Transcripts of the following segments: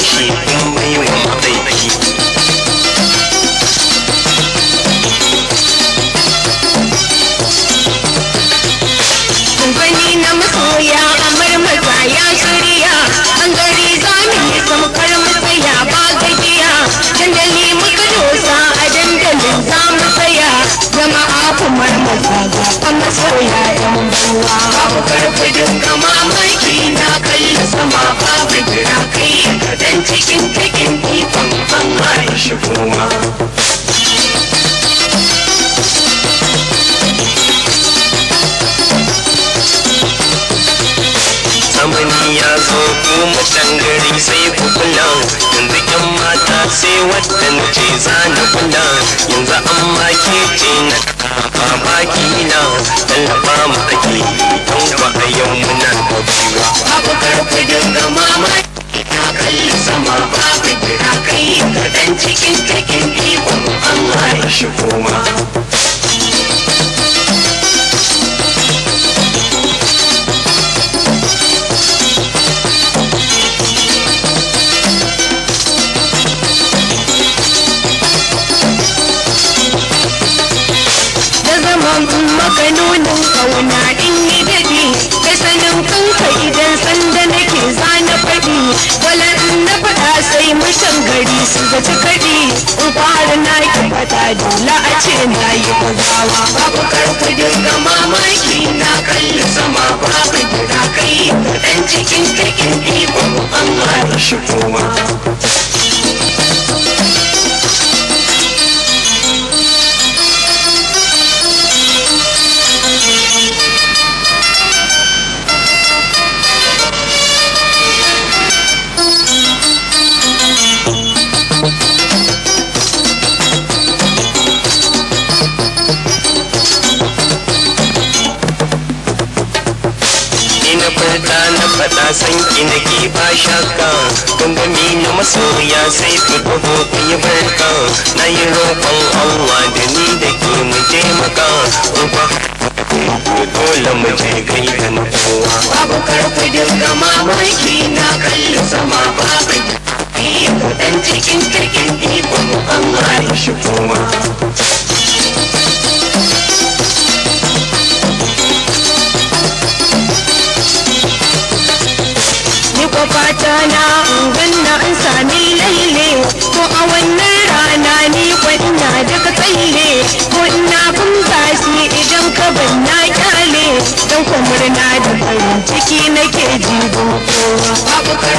I see. kullum yanzu yan mata sai wadda na ce za kullum yanzu an make ce na kafa baki na tallafa mu ake don ba a yau muna karfi dinga mamaki. zauna in yi daɗi da sanin kanka idan sanda nake zana faɗi wala in na faɗa sai mushan gari su zaci kaɗi in fara na ki faɗa dole a ce na yi kuzawa babu karku mamaki na kalli sama babu gida kai dan cikin kakin ɗiban amma da shigo sanki na nake ba shakka gangami na masoya sai ku taho ku yi barka na yi roƙon Allah da ni da ke mu taimaka uba dole mu je gai da makowa abokar ku dinga mamaki na kallo jana ganna an sami laile ko a wannan rana ni kwanna daga tsalle ko ina kun tashi idan ka banna kyale dan murna da farin ciki nake jibo kowa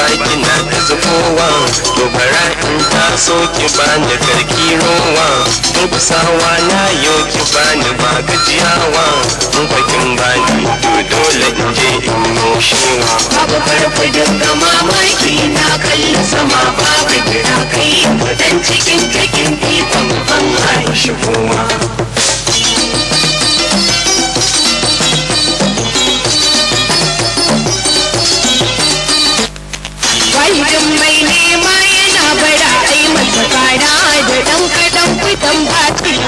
baki na ta zufowa to bara in ta so ki bani karki rowa in kusawa na yau ki bani ba gajiyawa in bakin bani to dole I'm back.